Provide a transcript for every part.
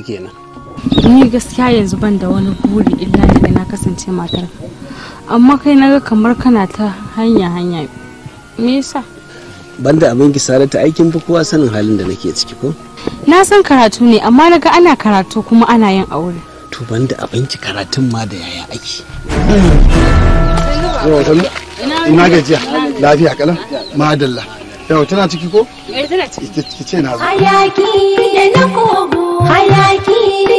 gwamnati kenan ni gaskiya yanzu ban da wani buri illa da na kasance matar amma kai naga kamar kana ta hanya hanya me yasa ban da abin gisara ta aikin bukuwa kowa sanin halin da nake ciki ko na san karatu ne amma na ga ana karatu kuma ana yin aure to ban da abinci karatun ma da yaya aiki ina gajiya lafiya kalan madalla yau tana ciki ko? Eh, tana ciki ki ce na zo ayaki da na hayaki hayaki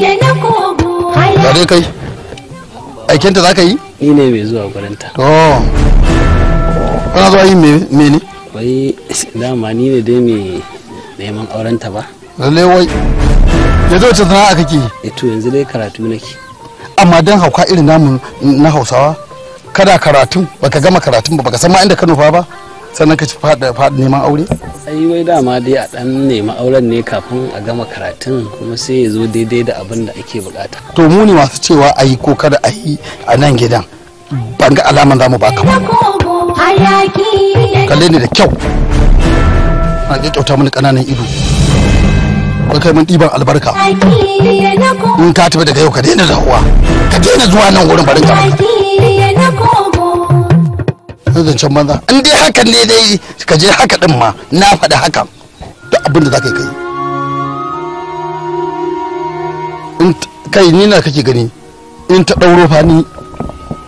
na na kogo. Ga dai kai, aikinta za ka yi? Ni ne mai zuwa gurinta. Oh, kana zuwa yi me ne. Wai dama ni ne dai mai neman aurenta ba. Lalle wai, yanzu wace sana'a kake? E to yanzu dai karatu nake. Amma don hauka irin namu na Hausawa, kada karatun baka gama karatun ba baka san ma inda ka nufa ba sannan ka ci faɗi neman aure? ai wai dama dai a dan nemi auren ne kafin a gama karatun kuma sai ya zo daidai da abin da ake bukata to mu ne masu cewa a yi ko kada a yi a nan gidan ban ga alaman za mu baka ba kalle ne da kyau a ga kyauta mini kananan ido ka kai mun ɗiban albarka in ka tafi daga yau ka daina zahuwa ka daina zuwa nan wurin barin ka da can banza in dai hakan ne dai ka je haka din ma na faɗi haka. da abin da za ka yi kai kai ni na kake gani in ta ɗauro fa ni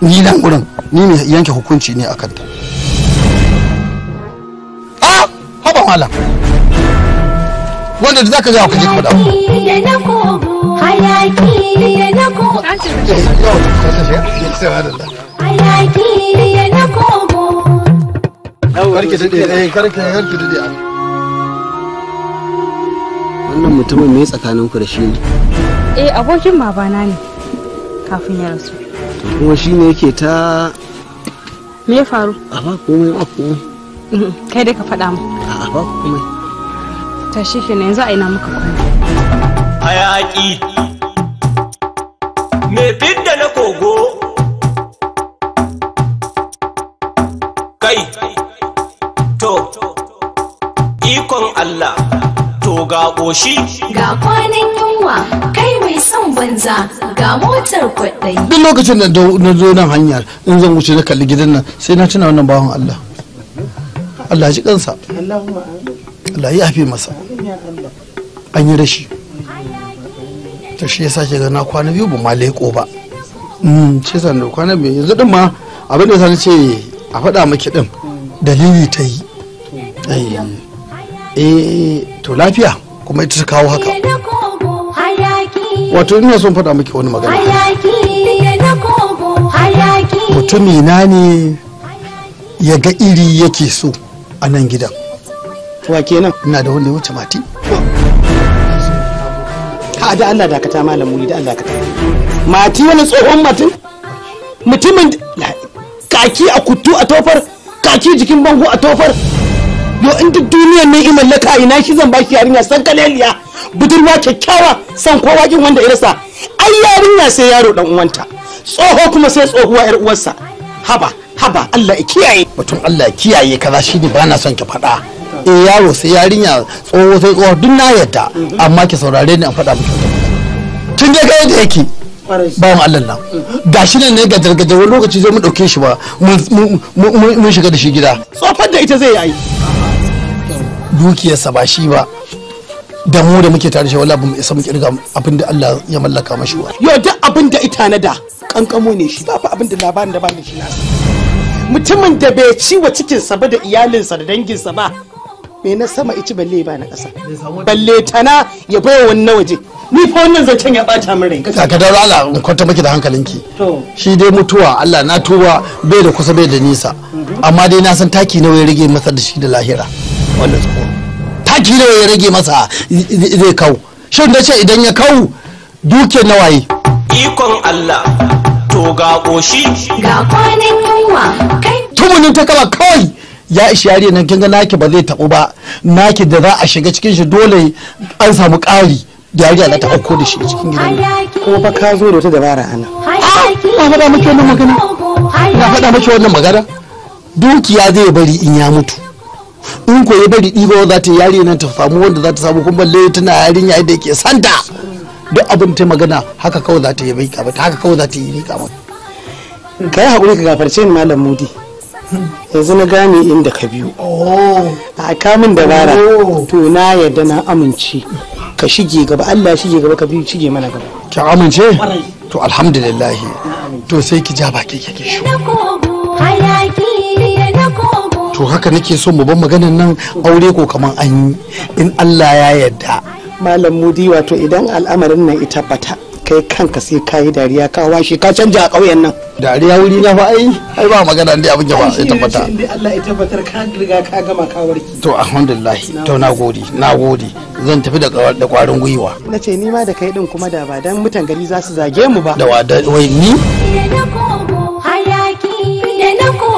ni nan gurin ni ne yanke hukunci ne a kanta a haba wala. wanda da zaka ga ka je ka faɗa hayaki ko karki dade eh karki karki dade ah. wannan mutumin me tsakanin ku da shi ne eh abokin babana ne kafin ya rasu to kuma shi ne yake ta me ya faru a ba komai ba ko. Mhm, kai dai ka faɗa mu a ba komai ta shi kenan yanzu a ina muka kwana hayaki me fidda na kogo ga ƙoshi. Ga kwanan yunwa kai mai son banza ga motar kwaɗayi. Duk lokacin da na zo nan hanya, in zan wuce na kalli gidan nan sai na tuna wannan bawan Allah. Allah ji kansa. Allah ya fi masa. An yi rashi. Ta shi ya sake gana kwana biyu ba ma mm, leko ba. Ce san da kwana biyu yanzu ɗin ma abin da ya ce a faɗa maki ɗin dalili ta yi. Eh. eh to lafiya kuma ita ta kawo haka wato ina son faɗa miki wani magana mutumi na ne ya ga iri yake so a nan gidan wa kenan ina da wanda wuce mati ka da Allah dakata malamu da Allah dakata mati wani tsohon mutum mutumin kaki a kutu a tofar kaki jikin bango a tofar yo in duk duniyar mai i mallaka ina shi zan ba shi yarinya san kaleliya budurwa kyakkyawa san kowa kin wanda ya rasa ai yarinya sai yaro dan uwanta tsoho kuma sai tsohuwa yar uwarsa haba haba Allah ya kiyaye mutum Allah ya kiyaye kaza shine ba na son ki faɗa eh yaro sai yarinya tsoho sai tsoho duk na yadda amma ki saurare ni an faɗa miki tun je ga yadda yake bawan Allah nan gashi nan ne ga gargajar wani lokaci zai mu dauke shi ba mun shiga da shi gida tsofar da ita zai yi dukiyarsa ba shi ba da mu da muke tare shi wala bamu isa mu kirga abin da Allah ya mallaka mashi wa yo duk abin da ita na da kankamo ne shi babu abin da labarin da ba ni shi nasa mutumin da bai ci cikin cikinsa ba da iyalinsa da danginsa ba me na sama ici balle ba na ƙasa balle tana ya bai wannan waje ni fa wannan zancen ya bata min rai ka da Allah in kwanta miki da hankalinki shi dai mutuwa Allah na tuba bai da kusa bai da nisa mhm. amma dai na san taki nawa ya rage masa da shi da lahira wannan tsohon taki nawa ya rage masa zai kau shin da ce idan ya kau duke waye? ikon Allah to ga koshi ga kwanan yunwa kai. tumunin ta kama kawai ya ishi yare nan kin ga naki ba zai tabu ba naki da za a shiga cikin shi dole an samu ƙari da yariya na ta auko da shi cikin gidan nan ko fa ka zo da wata dabara ana ah, na faɗa miki wannan magana na faɗa miki wannan magana dukiya zai bari in ya mutu in ko ya bari ɗiba za ta yari nan ta samu wanda za ta samu kuma balle tana yarinya yadda yake santa duk abin ta magana haka kawai za ta yi mika kamata haka kawai za ta yi mika mata ka yi haƙuri ka gafarce ni malam mudi yanzu na gane inda ka biyu oh. a kamun dabara oh. to na yadda na amince ka shige gaba Allah shige gaba ka biyu shige mana gaba ki amince to alhamdulillah to sai ki ja baki kake shi to haka nake so mu ban maganan nan aure ko kaman an yi in Allah ya yarda malam mudi wato idan al'amarin nan ita bata kai kanka sai ka yi dariya ka washe ka canja a ƙauyen nan dariya wuri na ba ai ai ba magana dai abin ba ya tabbata in Allah ya tabbatar ka riga ka gama ka warke to alhamdulillah to nagode nagode zan tafi da da kwarin gwiwa nace ni ma da kai din kuma da ba dan mutan gari za su zage mu ba da wai ni da na kogo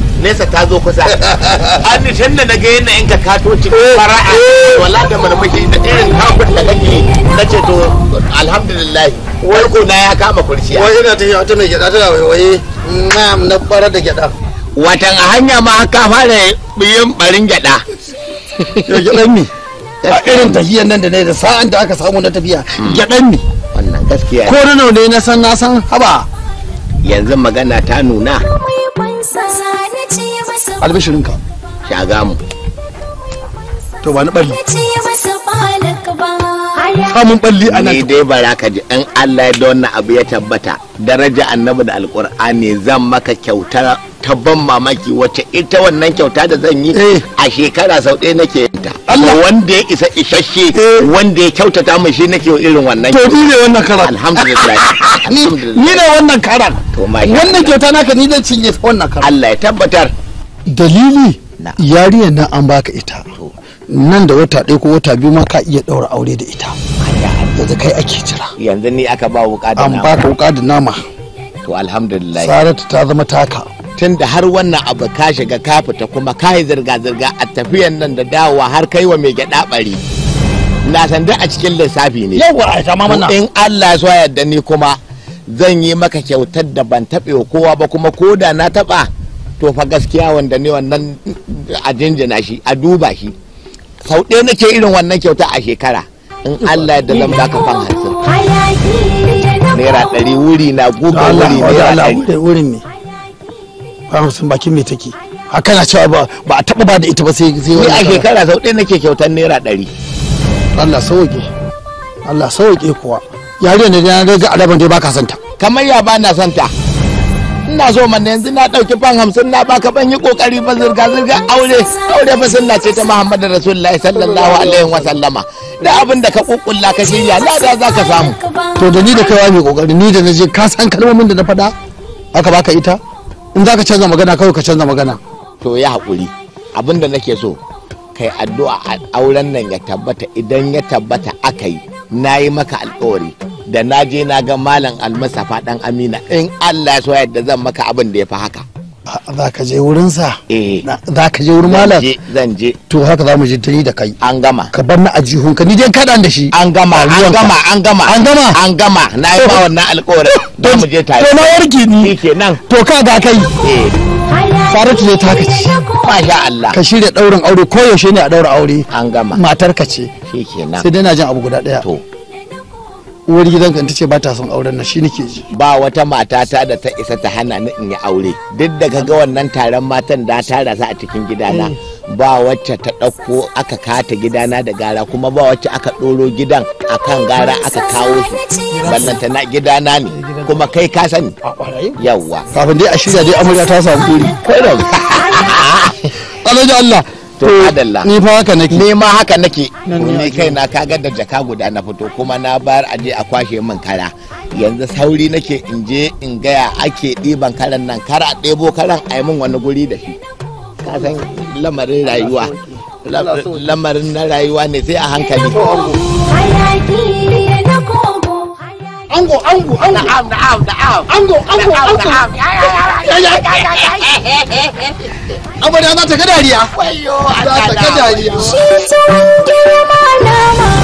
nesa ta zo kusa an nishan da na ga yadda ka kato cikin fara'a wala da marmashi da irin kafin da kake na ce to alhamdulillahi wai ko na ya kama kurciya wai ina ta wata mai gyada tana waiwaye na na bara da gyada watan a hanya ma ka fara yin barin gyada yo gyadan a irin tafiya nan da ne da sa'an da aka samu na tafiya gyadan ne. wannan gaskiya ko na ne na san na san haba yanzu magana ta nuna albishirinka ya gamu to ba ni balli samun balli a nan dai bara ka ji An Allah ya da wannan abu ya tabbata daraja annabi da alkur'ani zan maka kyauta ta ban mamaki wacce ita wannan kyauta da zan yi eh. a shekara sau ɗaya nake ta wanda ya isa isasshe eh. wanda ya kyautata mu shi nake irin wannan to ni ne wannan karan alhamdulillah ni ne wannan karan wannan kyauta naka ni zan cinye wannan karan Allah ya tabbatar dalili yariya nan an baka ita nan da wata ɗaya ko wata biyu ma ka iya ɗaura aure da ita yanzu kai ake jira yanzu ni aka ba wuka da nama an baka wuka da nama to alhamdulillah saratu ta zama taka tun da har wannan abu ka shiga ka fita kuma ka yi zirga-zirga a tafiyan nan da dawowa har kai wa mai gyada bari na sanda a cikin lissafi ne yawa a ta mamana in Allah ya yarda ni kuma zan yi maka kyautar da ban taɓe kowa ba kuma ko da na taɓa to fa gaskiya wanda ne wannan a jinjina shi a duba shi sau ɗaya nake irin wannan kyauta a shekara in Allah da lamba ka fan hamsin naira ɗari wuri na guba wuri naira ɗari wurin ne fan hamsin bakin me take haka na cewa ba a taɓa ba da ita ba sai sai wani a shekara sau ɗaya nake kyautar naira ɗari Allah sauke Allah sauke kuwa yare ne da na ga alaban dai baka santa kamar ya ba na santa ina so man yanzu na ɗauki fan hamsin na baka ban yi kokari ba zirga zirga aure aure fa sunna ce ta muhammadu rasulullahi sallallahu alaihi wa sallama da abin da ka kukkulla ka shirya na da za ka samu to da ni da kai wani kokari ni da na je ka san kalmomin da na faɗa aka baka ita in za ka canza magana kawai ka canza magana to ya haƙuri abin da nake so kai addu'a a auren nan ya tabbata idan ya tabbata aka yi na yi maka alƙawari da na je na ga malam almasafa dan amina in allah ya so yadda zan maka abin da ya fi haka za ka je wurinsa eh. za ka je wurin malam zan je to haka za mu je tuni da kai an gama ka bar na a jihunka ni dai kaɗan da shi an gama an gama an gama an gama an gama na yi ba wannan alƙawarin don mu je tare to na warke ni kenan to ka ga kai Saratu eh. ne taka ci. Masha Allah. Ka shirya daurin aure ko yaushe ne a daura aure. An gama. Matar ka ce. Shikenan. Sai dai na jin abu guda ɗaya. To. uwar gidanka ta ce ba ta son auren nan shi nake ji ba wata mata ta da ta isa ta hana ni in yi aure duk da kaga wannan taron matan da ta rasa a cikin gidana mm. ba wacce ta ɗauko aka kata gidana da gara kuma ba wacce aka ɗoro gidan akan gara aka kawo shi ta na gidana ne kuma kai ka sani yawwa kafin dai a shirya dai amarya ta samu kuri kai da Allah to adalla ni fa haka nake ni ma haka nake ni kai na kaga da jaka guda na fito kuma na bayar aje a kwashe min kara yanzu sauri nake in je in gaya ake ɗiban karan nan kara ɗebo karan a yi min wani guri da shi ka san lamarin rayuwa lamarin na rayuwa ne sai a hankali ango ango ango na'am na'am na'am ango ango ango amarya za ta ga dariya za ta ga dariya malama